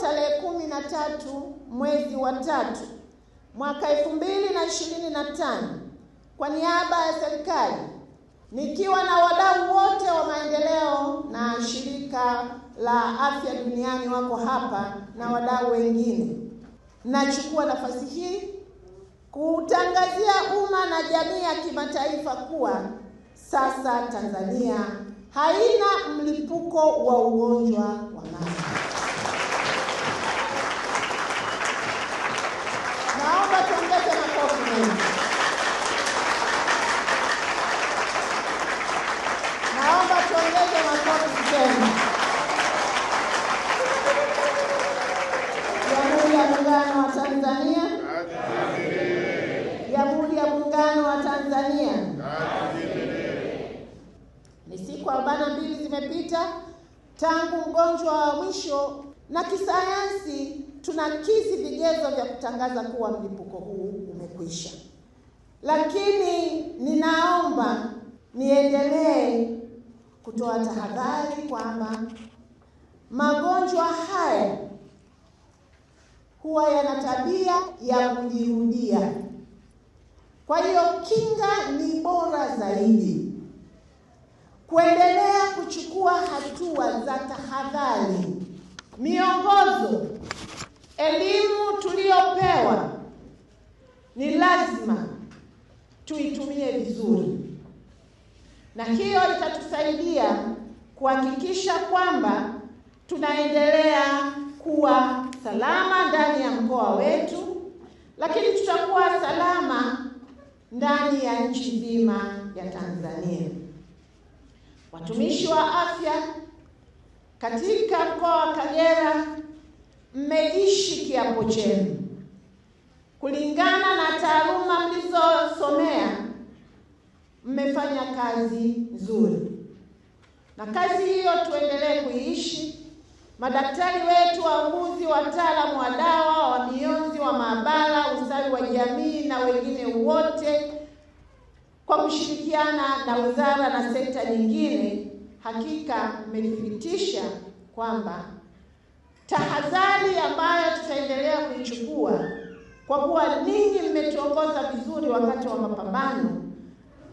tarehe kumi na tatu mwezi wa tatu mwaka elfu mbili na ishirini na tano kwa niaba ya serikali nikiwa na wadau wote wa maendeleo na shirika la afya duniani wako hapa na wadau wengine, nachukua nafasi hii kuutangazia umma na jamii ya kimataifa kuwa sasa Tanzania haina mlipuko wa ugonjwa wa nasa. Naomba tuongeze makofi ya Muungano wa Tanzania, Ni siku arobaini mbili zimepita tangu ugonjwa wa mwisho na kisayansi tunakizi vigezo vya kutangaza kuwa mlipuko huu umekwisha. Lakini ninaomba niendelee kutoa tahadhari kwamba magonjwa haya huwa yana tabia ya kujirudia. Kwa hiyo kinga ni bora zaidi, kuendelea kuchukua hatua za tahadhari, miongozo Elimu tuliyopewa ni lazima tuitumie vizuri, na hiyo itatusaidia kuhakikisha kwamba tunaendelea kuwa salama ndani ya mkoa wetu, lakini tutakuwa salama ndani ya nchi nzima ya Tanzania. Watumishi wa afya katika mkoa wa Kagera mmeishi kiapo chenu kulingana na taaluma mlizosomea, mmefanya kazi nzuri, na kazi hiyo tuendelee kuiishi. Madaktari wetu, wauguzi, wataalamu wa dawa, wa mionzi, wa maabara, ustawi wa jamii na wengine wote, kwa kushirikiana na wizara na sekta nyingine, hakika mmethibitisha kwamba tahadhari kuwa kwa kuwa ninyi mmetuongoza vizuri wakati wa mapambano,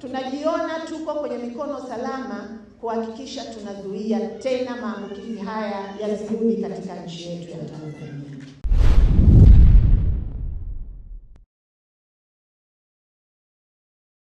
tunajiona tuko kwenye mikono salama kuhakikisha tunazuia tena maambukizi haya yasirudi katika nchi yetu ya Tanzania.